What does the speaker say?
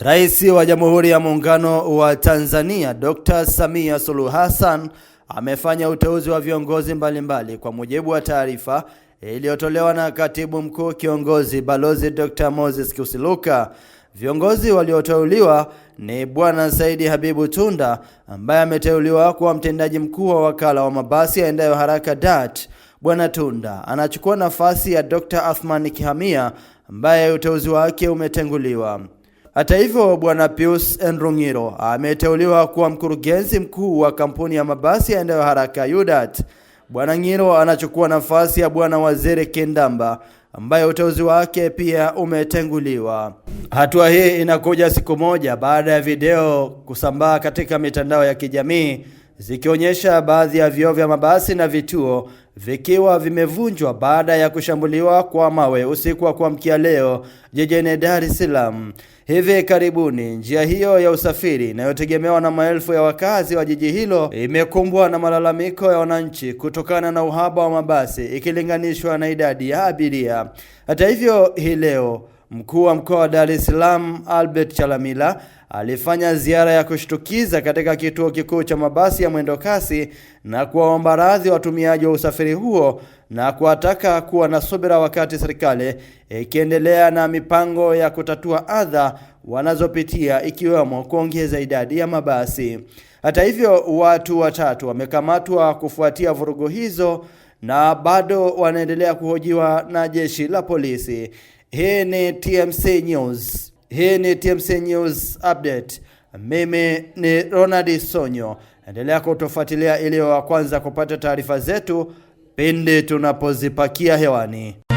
Rais wa Jamhuri ya Muungano wa Tanzania Dr. Samia Suluhu Hassan amefanya uteuzi wa viongozi mbalimbali mbali, kwa mujibu wa taarifa iliyotolewa na Katibu Mkuu Kiongozi Balozi Dr. Moses Kusiluka. Viongozi walioteuliwa ni Bwana Saidi Habibu Tunda ambaye ameteuliwa kuwa mtendaji mkuu wa wakala wa mabasi yaendayo haraka DART. Bwana Tunda anachukua nafasi ya Dr. Athman Kihamia ambaye uteuzi wake umetenguliwa. Hata hivyo, Bwana Pius Nrungiro ameteuliwa kuwa mkurugenzi mkuu wa kampuni ya mabasi yaendayo haraka Yudat. Bwana Ngiro anachukua nafasi ya Bwana Waziri Kindamba ambaye uteuzi wake pia umetenguliwa. Hatua hii inakuja siku moja baada ya video kusambaa katika mitandao ya kijamii zikionyesha baadhi ya vyoo vya mabasi na vituo vikiwa vimevunjwa baada ya kushambuliwa kwa mawe usiku wa kuamkia leo jijini Dar es Salaam. Hivi karibuni njia hiyo ya usafiri inayotegemewa na maelfu ya wakazi wa jiji hilo imekumbwa na malalamiko ya wananchi kutokana na uhaba wa mabasi ikilinganishwa na idadi ya abiria. Hata hivyo, hii leo Mkuu wa mkoa wa Dar es Salaam Albert Chalamila alifanya ziara ya kushtukiza katika kituo kikuu cha mabasi ya mwendo kasi na kuwaomba radhi watumiaji wa usafiri huo na kuwataka kuwa na subira wakati serikali ikiendelea na mipango ya kutatua adha wanazopitia ikiwemo kuongeza idadi ya mabasi. Hata hivyo, watu watatu wamekamatwa kufuatia vurugu hizo na bado wanaendelea kuhojiwa na jeshi la polisi. Hii ni TMC News. Hii ni TMC News Update. Mimi ni Ronald Sonyo, endelea kutufuatilia ili wa kwanza kupata taarifa zetu pindi tunapozipakia hewani.